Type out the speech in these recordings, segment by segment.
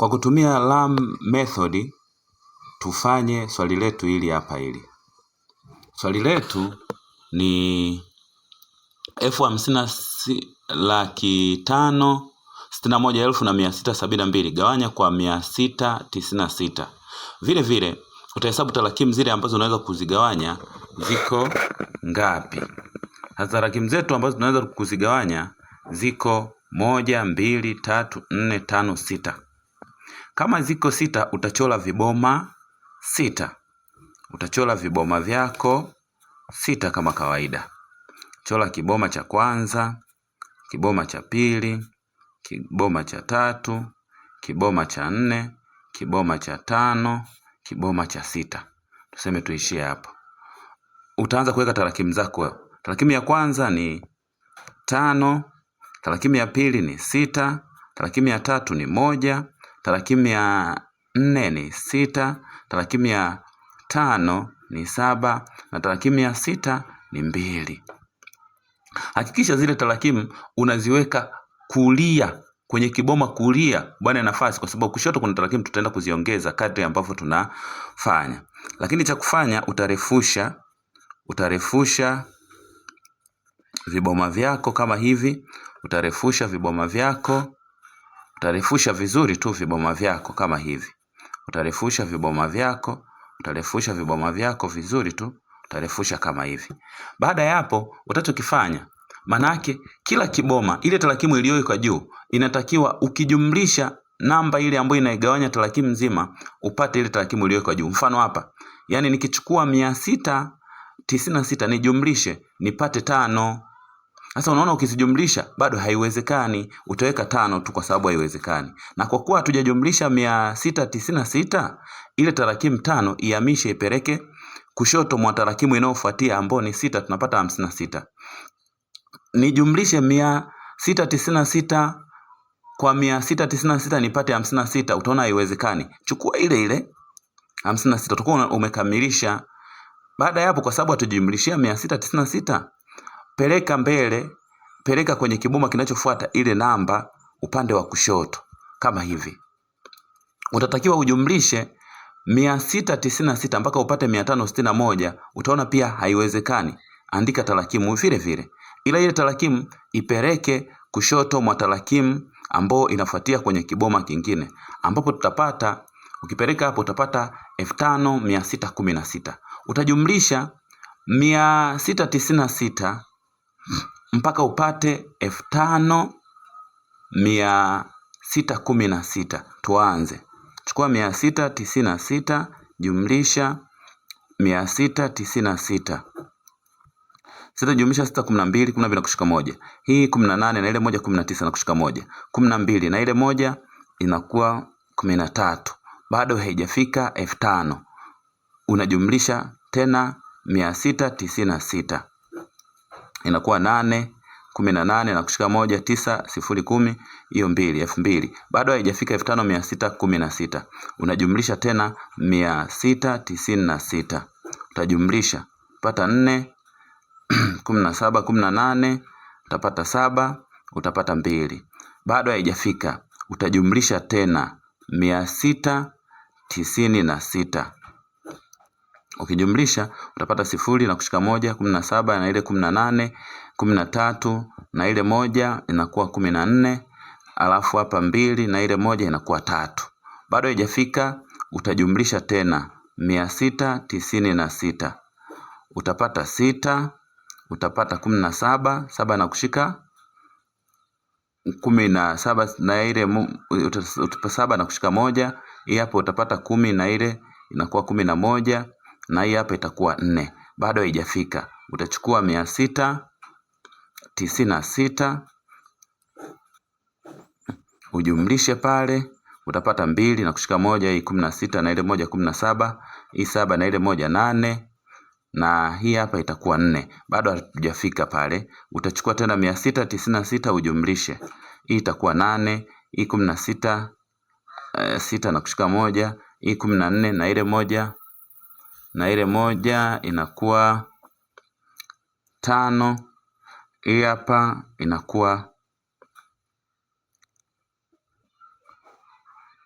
Kwa kutumia lam method tufanye swali letu hili hapa hili. Swali letu ni elfu hamsini na laki tano sitini na moja elfu na mia sita sabini na mbili gawanya kwa mia sita tisini na sita. Vile vile utahesabu tarakimu zile ambazo unaweza kuzigawanya ziko ngapi? Sasa tarakimu zetu ambazo tunaweza kuzigawanya ziko moja, mbili, tatu, nne, tano, sita. Kama ziko sita, utachora viboma sita. Utachora viboma vyako sita kama kawaida. Chora kiboma cha kwanza, kiboma cha pili, kiboma cha tatu, kiboma cha nne, kiboma cha tano, kiboma cha sita. Tuseme tuishie hapo. Utaanza kuweka tarakimu zako. Tarakimu ya kwanza ni tano, tarakimu ya pili ni sita, tarakimu ya tatu ni moja, Tarakimu ya nne ni sita. Tarakimu ya tano ni saba na tarakimu ya sita ni mbili. Hakikisha zile tarakimu unaziweka kulia kwenye kiboma kulia, bwana nafasi, kwa sababu kushoto kuna tarakimu tutaenda kuziongeza kadri ambavyo tunafanya. Lakini cha kufanya utarefusha, utarefusha viboma vyako kama hivi, utarefusha viboma vyako Utarefusha vizuri tu viboma vyako kama hivi. Utarefusha viboma vyako, utarefusha viboma vyako vizuri tu, utarefusha kama hivi. Baada ya hapo, utachokifanya manake kila kiboma, ile tarakimu iliyowekwa juu inatakiwa ukijumlisha namba ile ambayo inaigawanya tarakimu nzima upate ile tarakimu iliyowekwa juu. Mfano hapa, yani nikichukua mia sita tisini na sita nijumlishe nipate tano. Sasa unaona, ukizijumlisha bado haiwezekani, utaweka tano tu kwa sababu haiwezekani. Na kwa kuwa hatujajumlisha mia sita tisini na sita, ile tarakimu tano ihamishe ipeleke kushoto mwa tarakimu inayofuatia ambayo ni sita, tunapata hamsini na sita. Nijumlishe mia sita tisini na sita kwa mia sita tisini na sita nipate hamsini na sita, utaona haiwezekani. Chukua ile ile hamsini na sita, utakuwa umekamilisha. Baada ya hapo, kwa sababu hatujumlishia mia sita tisini na sita peleka mbele, peleka kwenye kiboma kinachofuata ile namba upande wa kushoto kama hivi. Utatakiwa ujumlishe mia sita tisini na sita mpaka upate mia tano sitini na moja. Utaona pia haiwezekani, andika tarakimu vile vile, ila ile tarakimu ipeleke kushoto mwa tarakimu ambayo inafuatia kwenye kiboma kingine, ambapo tutapata ukipeleka hapo utapata elfu tano mia sita kumi na sita utajumlisha mia sita tisini na sita mpaka upate elfu tano mia sita kumi na sita. Tuanze, chukua mia sita tisini na sita jumlisha mia sita tisini na sita sita jumlisha sita kumi na mbili kumi na mbili na kushika moja hii kumi na nane na ile moja kumi na tisa na kushika moja kumi na mbili na ile moja inakuwa kumi na tatu bado haijafika elfu tano unajumlisha tena mia sita tisini na sita inakuwa nane kumi na nane na kushika moja tisa sifuri kumi hiyo mbili elfu mbili bado haijafika elfu tano mia sita kumi na sita unajumlisha tena mia sita tisini na sita utajumlisha pata nne kumi na saba kumi na nane utapata saba utapata mbili bado haijafika utajumlisha tena mia sita tisini na sita Ukijumlisha utapata sifuri na kushika moja kumi na saba na ile kumi na nane kumi na tatu na ile moja inakuwa kumi na nne alafu hapa mbili na ile moja inakuwa tatu. Bado haijafika utajumlisha tena mia sita tisini na sita utapata sita utapata kumi na saba saba na kushika kumi na saba na ile saba na kushika moja hii hapo utapata kumi na ile inakuwa kumi na moja na hii hapa itakuwa nne bado haijafika utachukua mia sita tisini na sita ujumlishe pale utapata mbili na kushika moja hii kumi na sita na ile moja kumi na saba hii saba na ile moja nane na hii hapa itakuwa nne bado hatujafika pale utachukua tena mia sita tisini na sita ujumlishe hii itakuwa nane hii kumi na sita eh, sita na kushika moja hii kumi na nne na ile moja na ile moja inakuwa tano. Hii hapa inakuwa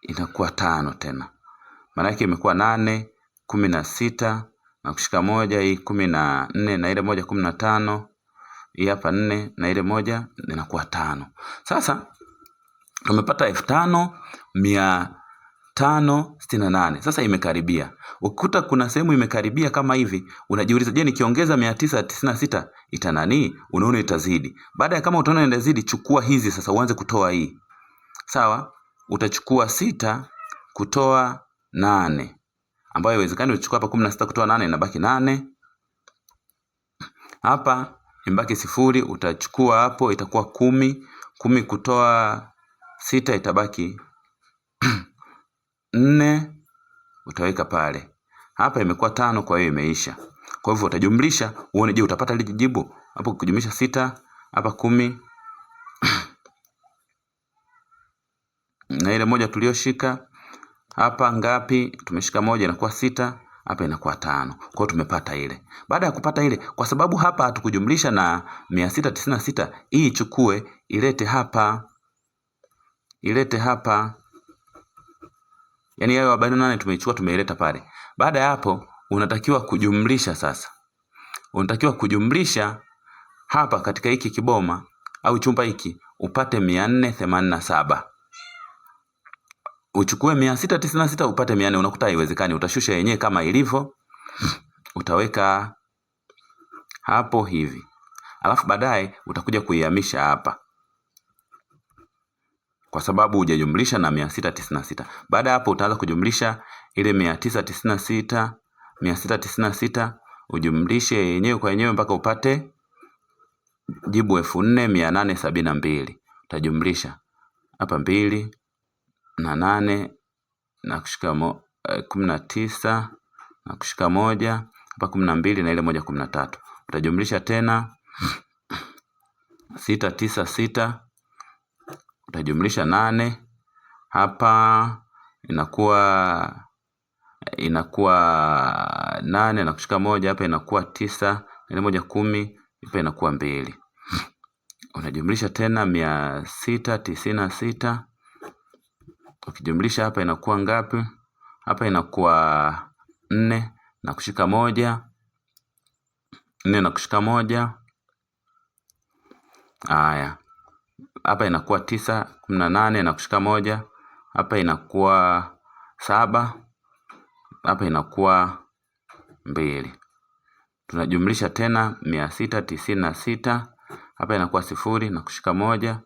inakuwa tano tena, maanake imekuwa nane kumi na sita na kushika moja, hii kumi na nne na ile moja kumi na tano. Hii hapa nne na ile moja inakuwa tano. Sasa tumepata elfu tano mia tano sitini na nane. Sasa imekaribia. Ukikuta kuna sehemu imekaribia kama hivi, unajiuliza je, nikiongeza mia tisa tisini na sita ita nani? Unaona itazidi. Baada ya kama utaona inaenda zidi, chukua hizi sasa, uanze kutoa hii, sawa? Utachukua sita kutoa nane, ambayo iwezekani utachukua hapa kumi na sita kutoa nane, inabaki nane. Hapa imbaki sifuri, utachukua hapo, itakuwa kumi. Kumi kutoa sita itabaki nne utaweka pale. Hapa imekuwa tano, kwa hiyo imeisha. Kwa hivyo utajumlisha uone, je, utapata lile jibu hapo? Ukijumlisha sita hapa kumi na ile moja tuliyoshika hapa ngapi? Tumeshika moja, inakuwa sita hapa inakuwa tano. Kwa hiyo tumepata ile. Baada ya kupata ile, kwa sababu hapa hatukujumlisha na mia sita tisini na sita, hii ichukue ilete hapa, ilete hapa Yaani hayo habari nane tumeichukua tumeileta pale. Baada ya hapo unatakiwa kujumlisha sasa. Unatakiwa kujumlisha hapa katika hiki kiboma au chumba hiki upate 487. Uchukue 696 upate 400 unakuta haiwezekani, utashusha yenyewe kama ilivyo. Utaweka hapo hivi. Alafu baadaye utakuja kuihamisha hapa kwa sababu hujajumlisha na mia sita tisini na sita. Baada ya hapo utaanza kujumlisha ile mia tisa tisini na sita mia sita tisini na sita ujumlishe yenyewe kwa yenyewe mpaka upate jibu elfu nne mia nane sabini na mbili. Utajumlisha hapa mbili na nane na kushika mo, eh, kumi na tisa na kushika moja hapa kumi na mbili na ile moja kumi na tatu. Utajumlisha tena sita tisa sita Utajumlisha nane. Hapa inakuwa inakuwa nane na kushika moja. Hapa inakuwa tisa. Nane moja kumi. Hapa inakuwa mbili. Unajumlisha tena mia sita tisini na sita. Ukijumlisha hapa inakuwa ngapi? Hapa inakuwa nne na kushika moja. Nne na kushika moja. Haya hapa inakuwa tisa kumi na nane na kushika moja, hapa inakuwa saba, hapa inakuwa mbili. Tunajumlisha tena mia sita tisini na sita, hapa inakuwa sifuri na kushika moja,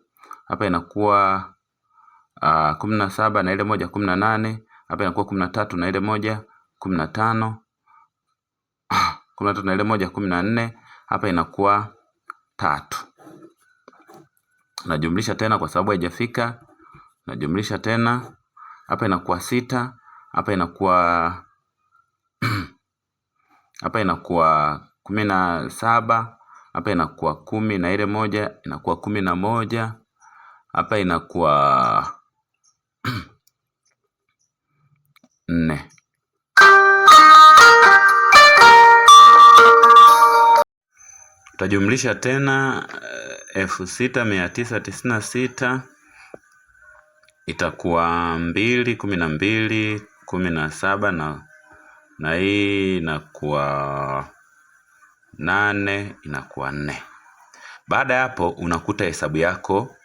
hapa inakuwa uh, kumi na saba na ile moja kumi na nane, hapa inakuwa kumi na tatu na ile moja kumi na tano, ah, kumi na tatu na ile moja kumi na nne, hapa inakuwa tatu najumlisha tena kwa sababu haijafika najumlisha tena hapa inakuwa sita hapa inakuwa hapa inakuwa kumi na saba hapa inakuwa kumi na ile moja inakuwa kumi na moja hapa inakuwa nne utajumlisha tena elfu sita mia tisa tisini na sita itakuwa mbili kumi na mbili kumi na saba na na hii inakuwa nane inakuwa nne. Baada ya hapo unakuta hesabu yako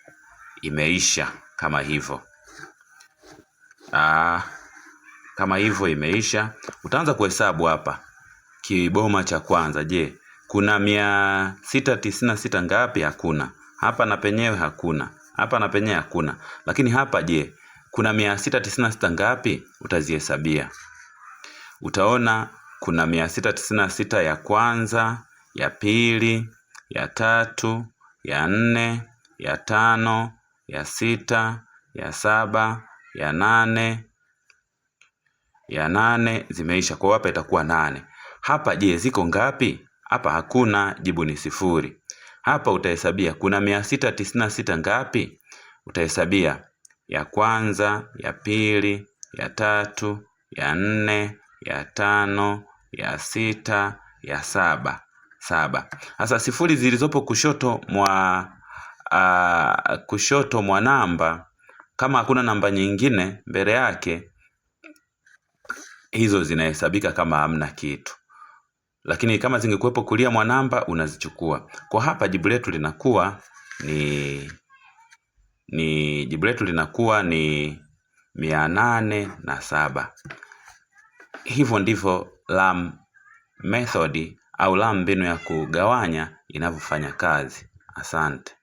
imeisha kama hivyo. Aa, ah, kama hivyo imeisha, utaanza kuhesabu hapa. Kiboma cha kwanza, je, kuna mia sita tisini na sita ngapi? Hakuna hapa na penyewe hakuna hapa na penyewe hakuna. Lakini hapa je, kuna mia sita tisini na sita ngapi? Utazihesabia, utaona kuna mia sita tisini na sita ya kwanza, ya pili, ya tatu, ya nne, ya tano, ya sita, ya saba, ya nane, ya nane zimeisha. Kwa hapa itakuwa nane. Hapa je, ziko ngapi? Hapa hakuna, jibu ni sifuri. Hapa utahesabia kuna mia sita tisini na sita ngapi? Utahesabia ya kwanza, ya pili, ya tatu, ya nne, ya tano, ya sita, ya saba. Saba. Sasa sifuri zilizopo kushoto mwa uh, kushoto mwa namba, kama hakuna namba nyingine mbele yake, hizo zinahesabika kama hamna kitu lakini kama zingekuwepo kulia mwanamba unazichukua. Kwa hapa jibu letu linakuwa ni ni jibu letu linakuwa ni mia nane na saba. Hivyo ndivyo lam method au lam mbinu ya kugawanya inavyofanya kazi. Asante.